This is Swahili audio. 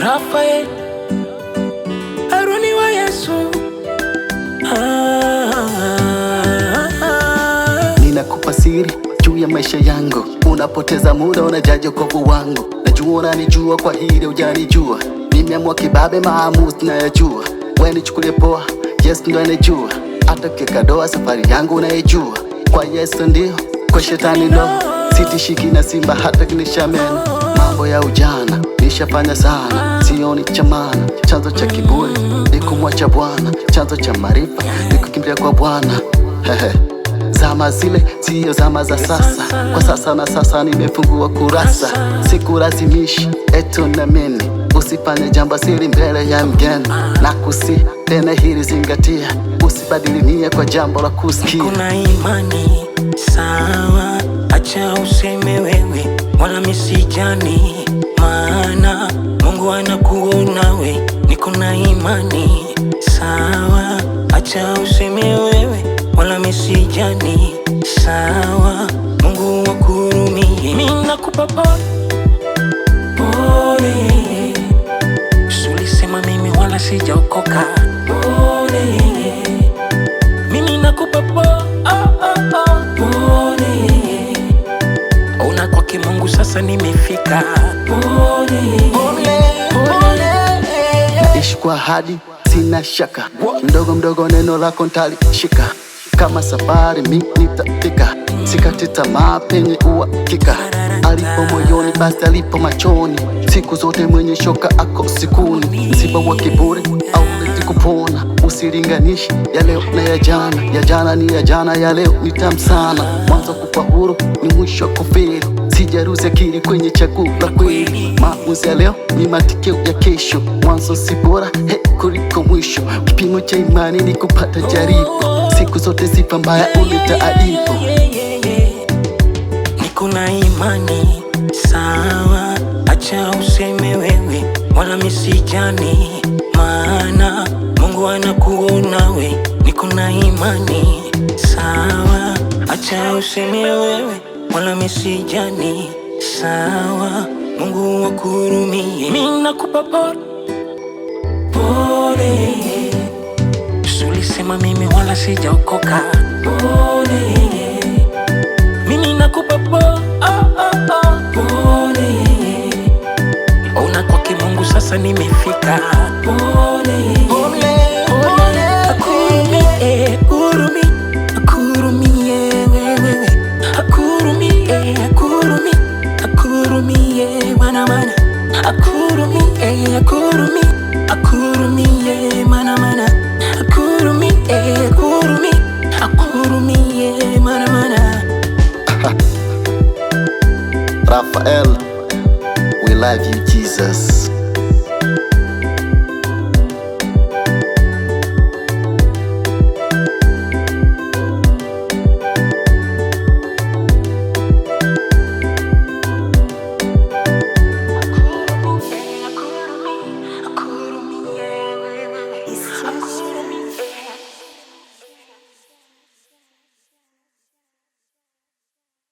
Rafael Aroni wa Yesu ah, ah, ah. Ninakupa siri juu ya maisha yangu, unapoteza muda, unajaji ukovu wangu. Najua unanijua, kwa hili hujanijua. Nimeamua kibabe, maamuzi nayajua. We nichukulie poa, Yesu ndo anejua. Hata ukiweka doa, safari yangu unayejua Kwa Yesu ndio, kwa shetani no. Sitishiki na simba hata kinishamena mambo ya ujana nilishafanya sana, sioni cha maana. Chanzo cha kiburi ni kumwacha Bwana, chanzo cha maarifa ni kukimbilia kwa Bwana. Zama zile siyo zama za sasa, kwa sasa na sasa nimefungua kurasa, sikulazimishi eto na mini, usifanye jambo siri mbele ya mgeni na kusi tena, hili zingatia, usibadili nia kwa jambo la kusikia. Kuna imani sawa, acha useme wewe, wala misijani maana sawa na kuonawe, niko na imani sawa, acha useme wewe wala misijani sawa, Mungu wakurumie, mimi nakupa pole, sulisema mimi wala sijaokoka kupenda. Ishi kwa hadi, sina shaka. Mdogo mdogo, neno lako nitalishika. Kama safari mi nitafika, sikati tamaa penye uhakika. Alipo moyoni basi alipo machoni, siku zote mwenye shoka ako sikuni. Msiba wa kiburi au kupona, usilinganishi ya leo na ya jana. Ya jana ni ya jana, ya leo ni tamu sana. Mwanzo kufa huru ni mwisho kufeli sijaruse akili kwenye chakula kweli. Maamuzi ya leo ni matokeo ya kesho, mwanzo si bora he kuliko mwisho. Kipimo cha imani ni kupata jaribu, siku zote sifa mbaya uleta aibu. Nikuna imani sawa, acha useme wewe, wala misijani, maana Mungu anakuona we. Nikuna imani sawa, acha useme wewe wala misijani sawa. Mungu wakurumie, mimi nakupa pole. Sulisema mimi wala sijaokoka, pole. Mimi nakupa ah, ah, ah. pole, ona kwake Mungu sasa nimefika, pole, pole, pole. akurumiye akurumi eh, akurumiye eh, eh, Rafael we love you Jesus I'm